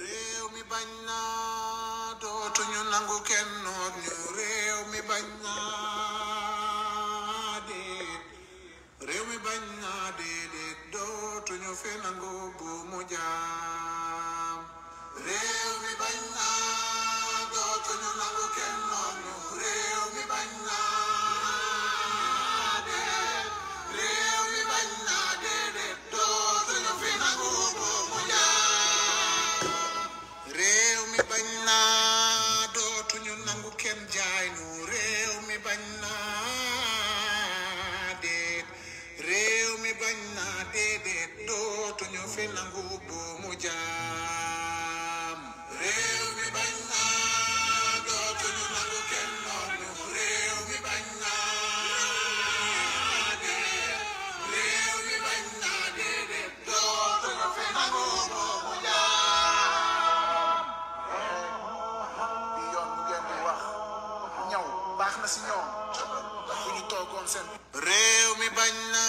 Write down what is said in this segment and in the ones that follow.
réew mi bañ naa dootuñu nangu kenn ñu réew mi bañ naa déet réew mi bañ naa déedéet dootuñu fi nangu bu mu jaam bañ na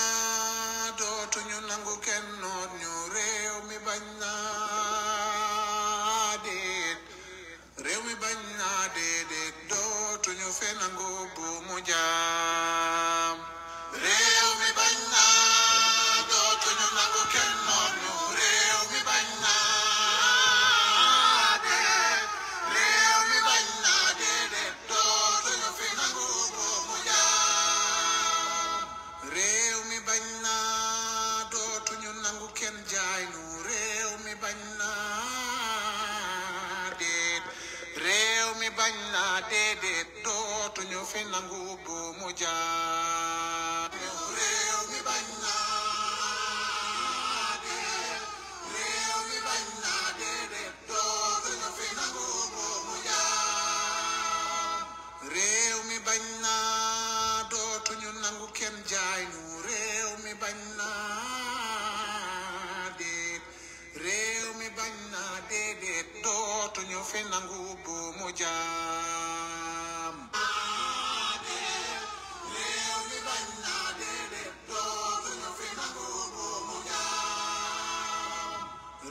na déedéet dootuñu fi nangu bu mu jaar mi bañ na réew mi bañ na déedéet dootuñu fi nangu bu mu jaar réew mi bañ nangu kenn jaay ñu réew mi bañ na déet réew dootuñu fi nangu bu mu jaam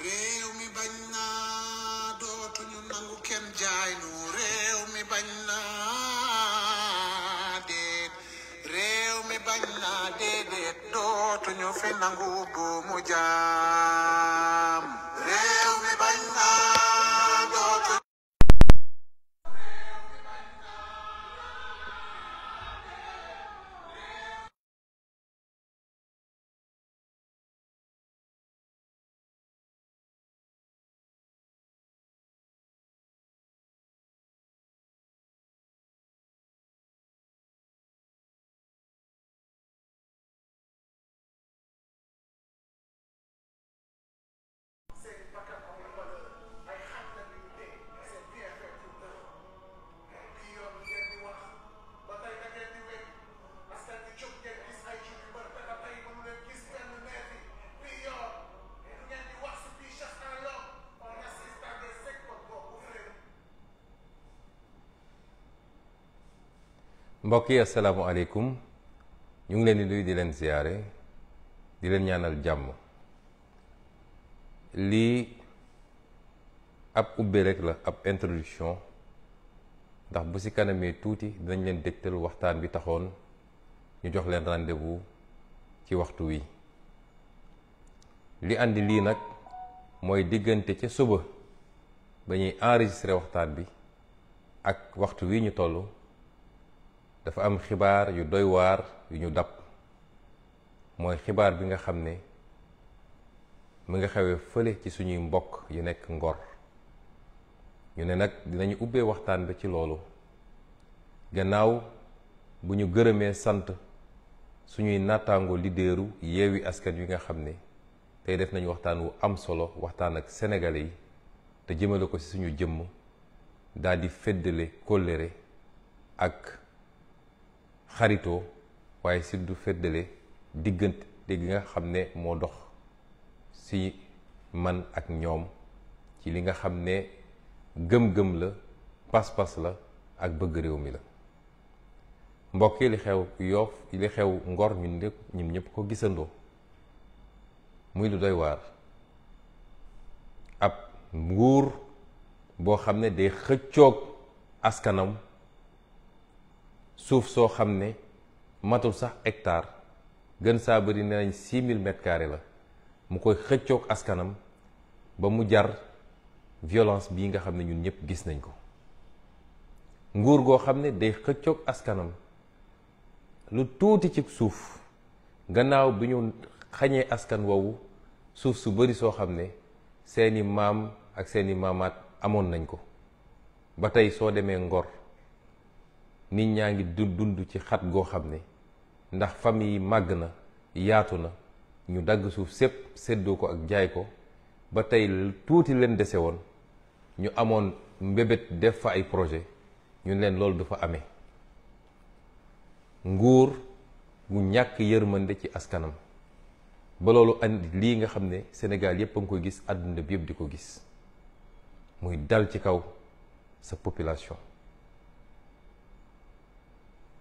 réew nangu kenn jaay nu réew mi bañ naa déet réew mi bañ naa déedéet dootuñu jaam mbokk yi asalaamaaleykum ñu ngi leen di nuyu di leen ziyaare di leen ñaanal jàmm lii ab ubbi rek la ab introduction ndax bu si kanamee tuuti dinañ leen dégtal waxtaan bi taxoon ñu jox leen rendez-vous ci waxtu wi li andi lii nag mooy diggante ca suba ba ñuy enregistré waxtaan bi ak waxtu wi ñu toll dafa am xibaar yu doy waar yu ñu dab mooy xibaar bi nga xam ne mu ngi xewee fële ci suñuy mbokk yu nekk Ngor ñu ne nag dinañu ubbee waxtaan bi ci loolu gannaaw bu ñu gërëmee sant suñuy nattaango lidéeru yeewi askan wi nga xam ne tey def nañu waxtaan wu am solo waxtaan ak sénégalais yi te jëmale ko ci suñu jëmm daldi di feddale kóllëre ak xaritoo waaye surtout feddale diggante gi nga xam ne moo dox si man ak ñoom ci li nga xam ne gëm-gëm la pas-pas la ak bëgg réew mi la mbokk yi li xew yoof li xew ngor ñun ñëpp ñun ñëpp ko gisandoo muy lu doy waar ab nguur boo xam ne day xëccoog askanam suuf soo xam ne matul sax hectare gën saa bari nee nañ six mille mètres la mu koy xëccook askanam ba mu jar violence bii nga xam ne ñun ñëpp gis nañ ko nguur goo xam ne day xëccook askanam lu tuuti ci suuf gannaaw bi ñu xañee askan woowu suuf su bari soo xam ne seeni maam ak seeni maamaat amoon nañ ko ba tey soo demee Ngor nit ñaa ngi dund ci xat goo xam ne ndax famille yi màgg na yaatu na ñu dagg suuf sépp séddoo ko ak jaay ko ba tey tuuti leen dese woon ñu amoon mbébét def fa ay projet ñu leen loolu du fa amee nguur gu ñàkk yërmande ci askanam ba loolu andi lii nga xam ne Sénégal yépp a ngi koy gis àdduna bi yëpp di ko gis muy dal ci kaw sa population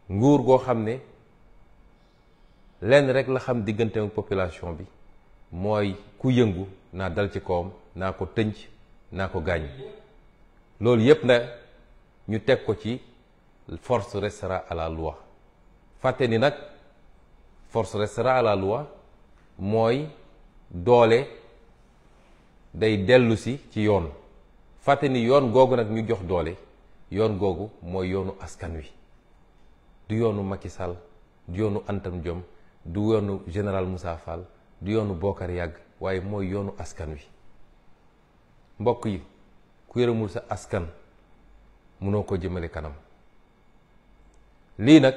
nguur goo xam ne lenn rek la xam diggante ak population bi mooy ku yëngu naa dal ci kawam naa ko tënc naa ko gaañ loolu yépp na ñu teg ko ci force restera à la loi fàtte ni nag force restera à la loi mooy doole day dellusi ci yoon fàtte ni yoon googu nag ñu jox doole yoon googu mooy yoonu askan wi du yoonu Macky Sall du yoonu Antam jom du yoonu général Moussa Fall du yoonu Bokar Yàgg waaye mooy yoonu askan wi mbokk yi ku yërëmul sa askan mënoo ko jëmale kanam lii nag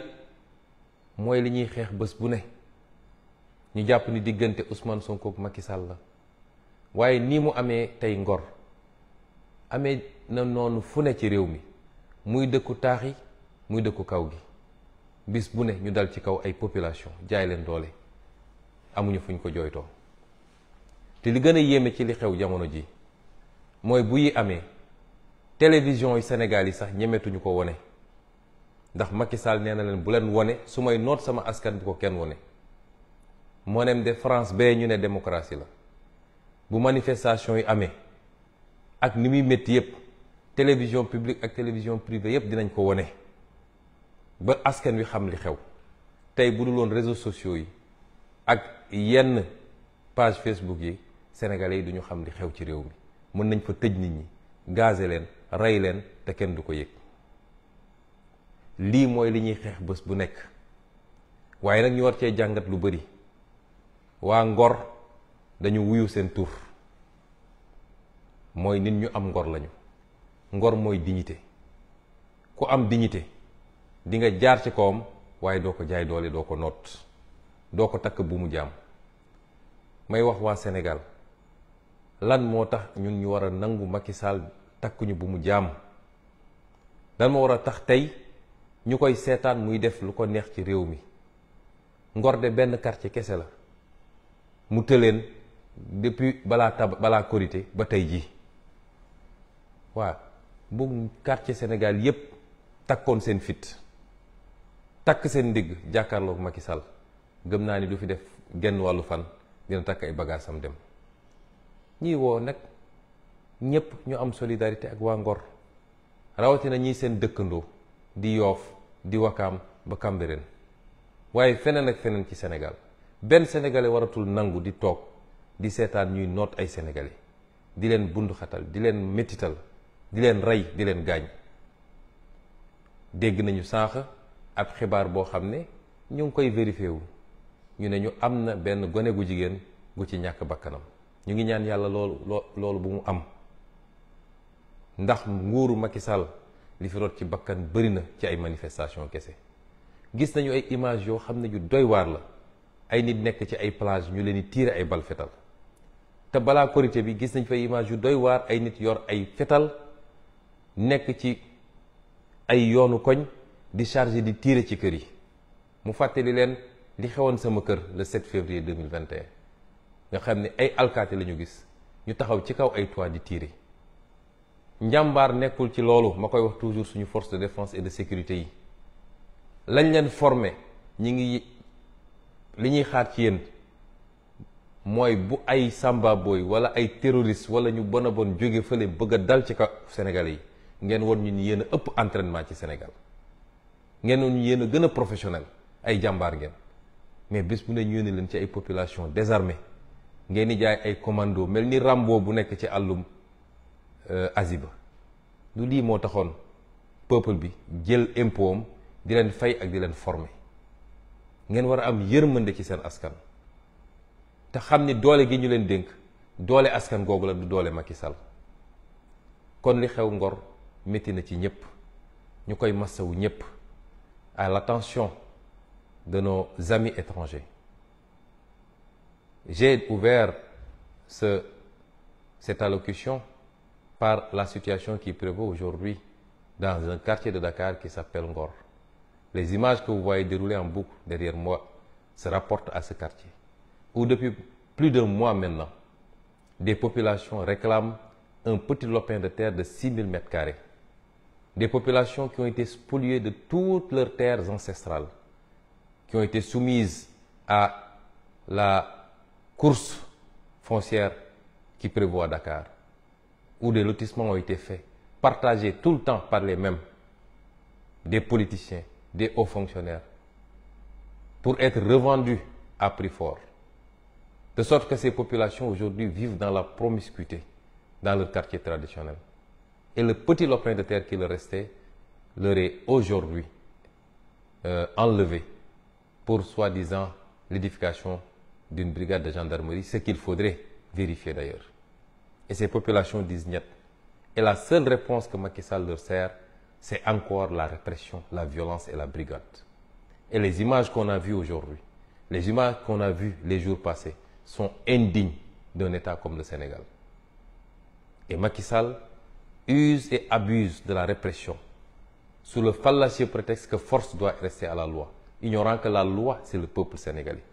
mooy li ñuy xeex bés bu ne ñu jàpp ni diggante Ousmane Sonko ak Macky la waaye nii mu amee tey Ngor amee na noonu fu ne ci réew mi muy dëkku taax yi muy dëkku kaw gi bis bu ne ñu dal ci kaw ay population jaay leen doole amuñu fuñ ko jooytoo te li gën a yéeme ci li xew jamono ji mooy bu yi amee télévision yi Sénégal yi sax ñemetuñu ko wone ndax Macky Sall nee na leen bu leen wone su may noot sama askan bu ko kenn wone moo nem de France bee ñu ne démocratie la bu manifestation yi amee ak ni muy métti yépp télévision publique ak télévision privée yépp dinañ ko wone ba askan wi xam li xew tey bu dul woon réseau sociaux yi ak yenn page Facebook yi sénégalais yi duñu xam li xew ci réew mi mën nañ fa tëj nit ñi gaze leen rey leen te kenn du ko yëg lii mooy li ñuy xeex bés bu nekk waaye nag ñu war cee jàngat lu bari waa ngor dañu wuyu seen tur mooy nit ñu am ngor lañu ngor mooy dignité ku am dignité dinga jaar ci kawam waaye doo ko jaay doole doo ko noot doo ko takk bu mu jàmm may wax waa senegal lan moo tax ñun ñu war a nangu Macky Sall takkuñu bu mu jàmm lan moo war a tax tey ñu koy seetaan muy def lu ko neex ci réew mi Ngor de benn quartier kese la mu tëleen depuis balaa tab balaa korité ba tey jii waa bu quartier senegal yépp takkoon seen fit takk seen ndigg jàkkaarloog Macky Sall gëm naa ni du fi def genn wàllu fan dina takk ay bagages am dem ñii woo nag ñëpp ñu am solidarité ak waa Ngor rawatina ñii seen dëkkandoo di Yoof di Wakaam ba Cambérène waaye feneen ak feneen ci senegal benn sénégalais waratul nangu di toog di seetaan ñuy noot ay sénégalais di leen bunduxatal di leen métital di leen rey di leen gaañ dégg nañu sànq. ab xibaar boo xam ne ñu ngi koy vérifié wu ñu ne ñu am na benn gone gu jigéen gu ci ñàkk bakkanam ñu ngi ñaan yàlla loolu loolu bu mu am ndax nguuru Macky Sall li fi rot ci bakkan bëri na ci ay manifestation kese gis nañu ay image yoo xam ne ju doy waar la ay nit nekk ci ay plage ñu leen di tiire ay bal fetal te balaa korité bi gis nañ fa image yu doy waar ay nit yor ay fetal nekk ci ay yoonu koñ di chargé di tiire ci kër yi mu fàttali leen li xewoon sama kër le 7 février 2021 nga xam ne ay alkaati la ñu gis ñu taxaw ci kaw ay toit di tiire njàmbaar nekkul ci loolu ma koy wax toujours suñu force de défense et de sécurité yi lañ leen formé ñi ngi li ñuy xaar ci yéen mooy bu ay samba booy wala ay terroriste wala ñu bon a bon jóge fële bëgg a dal ci kaw Sénégal yi ngeen won ñu ni yéen a ëpp entraînement ci Sénégal ngeen ñu yéen a gën a professionnel ay jàmbaar ngeen mais bés bu ne ñu yónni leen ci ay population désarmée ngeen di jaay ay commando mel ni Rambo bu nekk ci àllum euh, Asie ba lu lii moo taxoon peuple bi jël impôt di leen fay ak di leen former ngeen war a am yërmande ci seen askan te xam ni doole gi ñu leen dénk doole askan googu la du doole Macky sal kon li xew Ngor métti na ci ñëpp ñu koy massawu ñëpp à l'attention de nos amis étrangers. J'ai ouvert ce, cette allocution par la situation qui prévaut aujourd'hui dans un quartier de Dakar qui s'appelle Ngor. Les images que vous voyez dérouler en boucle derrière moi se rapportent à ce quartier, où depuis plus d'un mois maintenant, des populations réclament un petit lopin de terre de 6000 m carrés des populations qui ont été spoliées de toutes leurs terres ancestrales, qui ont été soumises à la course foncière qui prévoit Dakar, où des lotissements ont été faits, partagés tout le temps par les mêmes, des politiciens, des hauts fonctionnaires, pour être revendus à prix fort. De sorte que ces populations aujourd'hui vivent dans la promiscuité dans leur quartier traditionnel. Et le petit lopin de terre qui leur restait leur est aujourd'hui euh, enlevé pour soi-disant l'édification d'une brigade de gendarmerie, ce qu'il faudrait vérifier d'ailleurs. Et ces populations disent niet. Et la seule réponse que Macky Sall leur sert, c'est encore la répression, la violence et la brigade. Et les images qu'on a vues aujourd'hui, les images qu'on a vues les jours passés, sont indignes d'un État comme le Sénégal. Et Macky usent et abusent de la répression sous le fallacieux prétexte que force doit rester à la loi, ignorant que la loi, c'est le peuple sénégalais.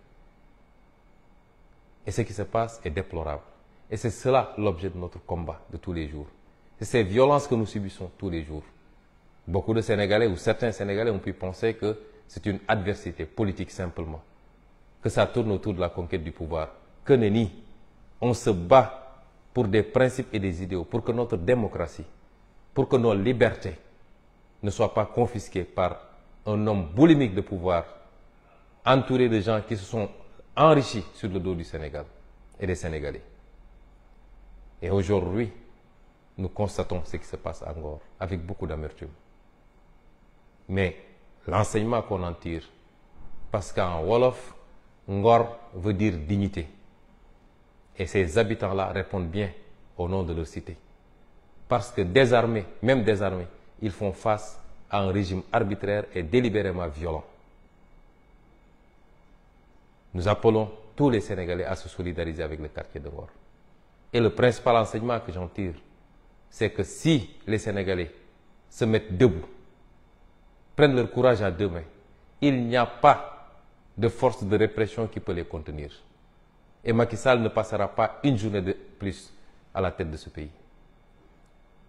Et ce qui se passe est déplorable. Et c'est cela l'objet de notre combat de tous les jours. C'est ces violences que nous subissons tous les jours. Beaucoup de Sénégalais ou certains Sénégalais ont pu penser que c'est une adversité politique simplement, que ça tourne autour de la conquête du pouvoir. Que nenni, on pour des principes et des idéaux, pour que notre démocratie, pour que nos libertés ne soient pas confisquées par un homme boulimique de pouvoir, entouré de gens qui se sont enrichis sur le dos du Sénégal et des Sénégalais. Et aujourd'hui, nous constatons ce qui se passe encore avec beaucoup d'amertume. Mais l'enseignement qu'on en parce qu'en Wolof, Ngor veut dire dignité. et ces habitants-là répondent bien au nom de leur cité. Parce que désarmés, même désarmés, ils font face à un régime arbitraire et délibérément violent. Nous appelons tous les Sénégalais à se solidariser avec le quartier de Ngor. Et le principal enseignement que j'en tire, c'est que si les Sénégalais se mettent debout, prennent leur courage à deux mains, il n'y a pas de force de répression qui peut les contenir. Et Macky Sall ne passera pas une journée de plus à la tête de ce pays.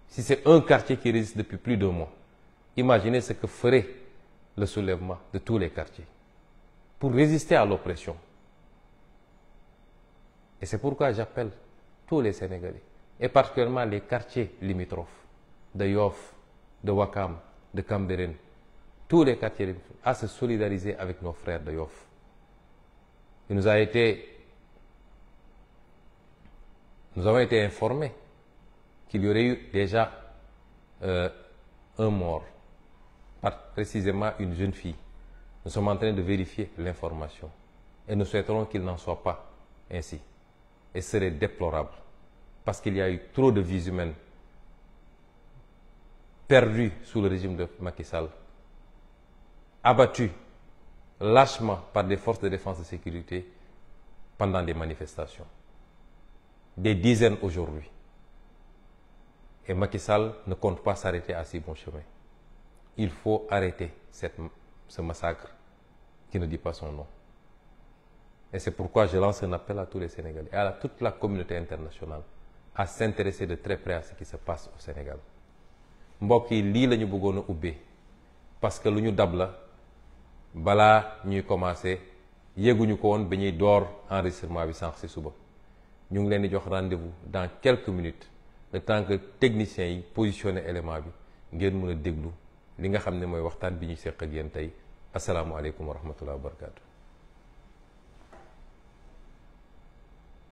Si c'est un quartier qui résiste depuis plus d'un mois, imaginez ce que ferait le soulèvement de tous les quartiers pour résister à l'oppression. Et c'est pourquoi j'appelle tous les Sénégalais, et particulièrement les quartiers limitrophes, de Yoff, de Wakam, de Cambérène, tous les quartiers limitrophes, à se solidariser avec nos frères de Yoff. Il nous Nous avons été informés qu'il y aurait eu déjà euh, un mort, par précisément une jeune fille. Nous sommes en train de vérifier l'information et nous souhaiterons qu'il n'en soit pas ainsi. Et ce serait déplorable parce qu'il y a eu trop de vies humaines perdues sous le régime de Macky Sall, abattues lâchement par des forces de défense et de sécurité pendant des manifestations. des dizaines aujourd'hui. Et Macky Sall ne compte pas s'arrêter à si bon chemin. Il faut arrêter cette, ce massacre qui ne dit pas son nom. Et c'est pourquoi je lance un appel à tous les Sénégalais et à toute la communauté internationale à s'intéresser de très près à ce qui se passe au Sénégal. mbokk yi lii lañu ñu bëggoon a ubbee parce que lu ñu dab la balaa ñuy commencer yéguñu ko woon bi ñuy door enregistrement bi sànq si suba. ñu ngi leen di jox rendez-vous dans quelque minutes le temps que techniciens yi positionné élément bi ngeen mën a déglu li nga xam ne mooy waxtaan bi ñu seq ak yéen tey asalaamualeykum wa rahmatullah wa barakaatu.